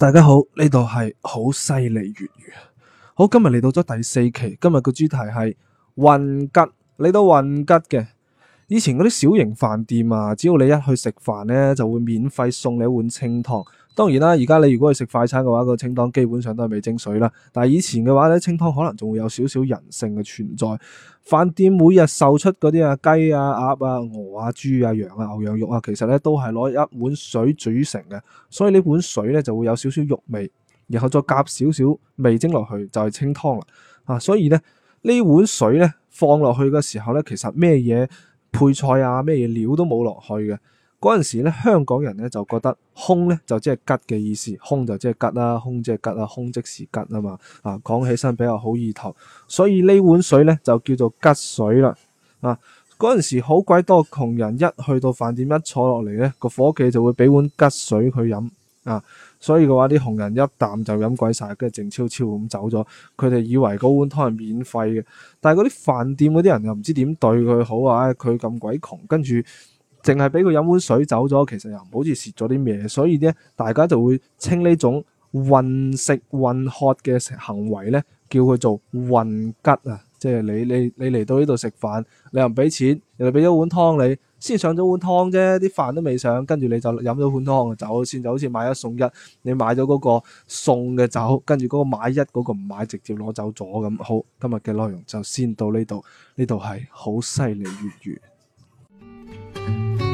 大家好，呢度係猴塞雷粵語，啊，好今日嚟到咗第四期，今日個主題係混吉，你都混吉嘅。以前嗰啲小型飯店啊，只要你一去食飯咧，就會免費送你一碗清湯。當然啦、啊，而家你如果去食快餐嘅話，個清湯基本上都係味精水啦。但係以前嘅話咧，清湯可能仲會有少少人性嘅存在。飯店每日售出嗰啲啊雞啊、鴨啊，啊、鵝啊、豬啊、羊啊、牛羊肉啊，其實咧都係攞一碗水煮成嘅，所以呢碗水咧就會有少少肉味，然後再加少少味精落去就係、是、清湯啦。啊，所以咧呢碗水咧放落去嘅時候咧，其實咩嘢？配菜啊，咩嘢料都冇落去嘅。嗰陣時咧，香港人咧就覺得空咧就即係吉嘅意思，空就即係吉啦，空即係吉啦，空即是吉啊嘛。啊，講起身比較好意頭，所以呢碗水咧就叫做吉水啦。啊，嗰陣時好鬼多窮人，一去到飯店一坐落嚟咧，個伙計就會俾碗吉水佢飲。啊，所以嘅話啲紅人一啖就飲鬼晒，跟住靜悄悄咁走咗。佢哋以為嗰碗湯係免費嘅，但係嗰啲飯店嗰啲人又唔知點對佢好啊。佢咁鬼窮，跟住淨係俾佢飲碗水走咗，其實又唔好似蝕咗啲咩。所以咧，大家就會稱呢種混食混喝嘅行為咧，叫佢做混吉啊。即係你你你嚟到呢度食飯，你又唔俾錢，人哋俾咗碗湯你。先上咗碗湯啫，啲飯都未上，跟住你就飲咗碗湯走先，就好似買一送一，你買咗嗰個送嘅酒，跟住嗰個買一嗰個唔買，直接攞走咗咁。好，今日嘅內容就先到呢度，呢度係好犀利粵語。